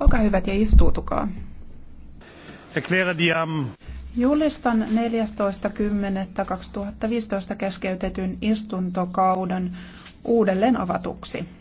Olkaa hyvät ja istuutukaa. Julistan 14.10.2015 keskeytetyn istuntokauden uudelleen avatuksi.